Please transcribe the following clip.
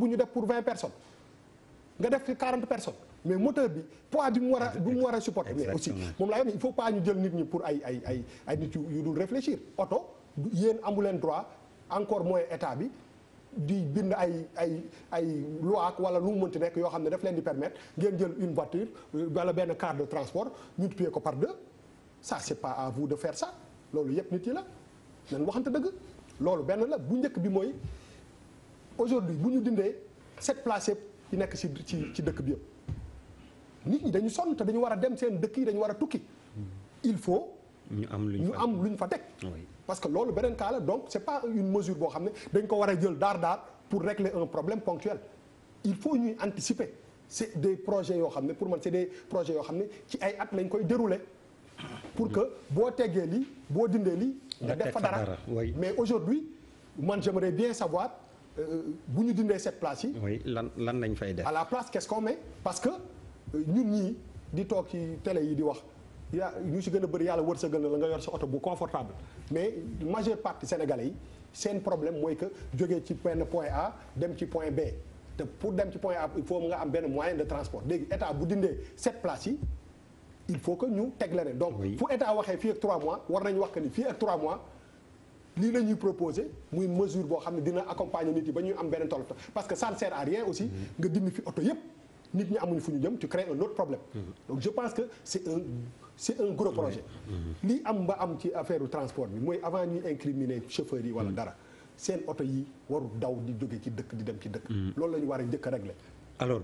bu ñu def pour vingt personnes nga def ci quarante personnes mais moteur bi poids bi mu war a bi mu war a supporter mais aussi moom laa yor il faut pas ñu jël nit ñi pour ay ay ay nit yu dul réfléchir oto yéen amu leen droit encore moins état bi di bind ay ay ay ak wala lu mu mënti nekk yoo xam ne daf leen di permettre ngeen jël une voiture euh, wala benn car de transport multiplier ko par deux ça c'est pas à vous de faire ça loolu yëpp nit yi la nañ waxante dëgg loolu benn la bu njëkk bi mooy aujourd'hui bu ñu dindee cette place yëpp yi nekk ci ci ci dëkk bi yëpp nit ñi dañu sonn te dañu war dem seen dëkk yi dañu war a tukki il faut ñu am lu ñu am lu ñu fa teg parce que loolu beneen cas la donc c'est pas une mesure boo xam ne dañ ko war a jël daar daar pour régler un problème ponctuel il faut ñuy anticiper c'est des projets yoo xam ne pour man c'est des projet yoo xam ne ci ay at lañ koy dérouler pour que boo teggee lii boo dindee lii nga def fa dara mais aujourd'hui man j'aimerais bien savoir Euh, bu ñu dindee cette place yi. lan lan lañ fay def. à la place qu'est-ce qu'on parce que euh, ñun ñii di toog ci télé yi di wax yaa ñu si gën a bëri yàlla sa gën na la nga yor sa oto bu confortable mais majeure partie sénégalais yi seen problème mooy que jógee ci benn point A dem ci point B. te pour dem ci point A il faut nga am benn moyen de transport léegi état bu dindee cette place yi il faut que ñu teg leneen donc fu état waxee fii ak 3 mois war nañu wax que ni fii ak mois. lii la ñuy proposé muy mesure boo xam ne dina accompagner nit yi ba ñuy am beneen tollu parce que ça ne sert à rien aussi nga dindi fi oto yépp nit ñi amuñu fu ñu jëm ci crées un autre problème donc je pense que c'est un c'est un gros projet lii am ba am ci affaire transport bi mooy avant ñuy incriminer chauffeurs yi wala dara seen oto yi warul daw di jóge ci dëkk di dem ci dëkk mm. loolu la ñu war a njëkk a régler alors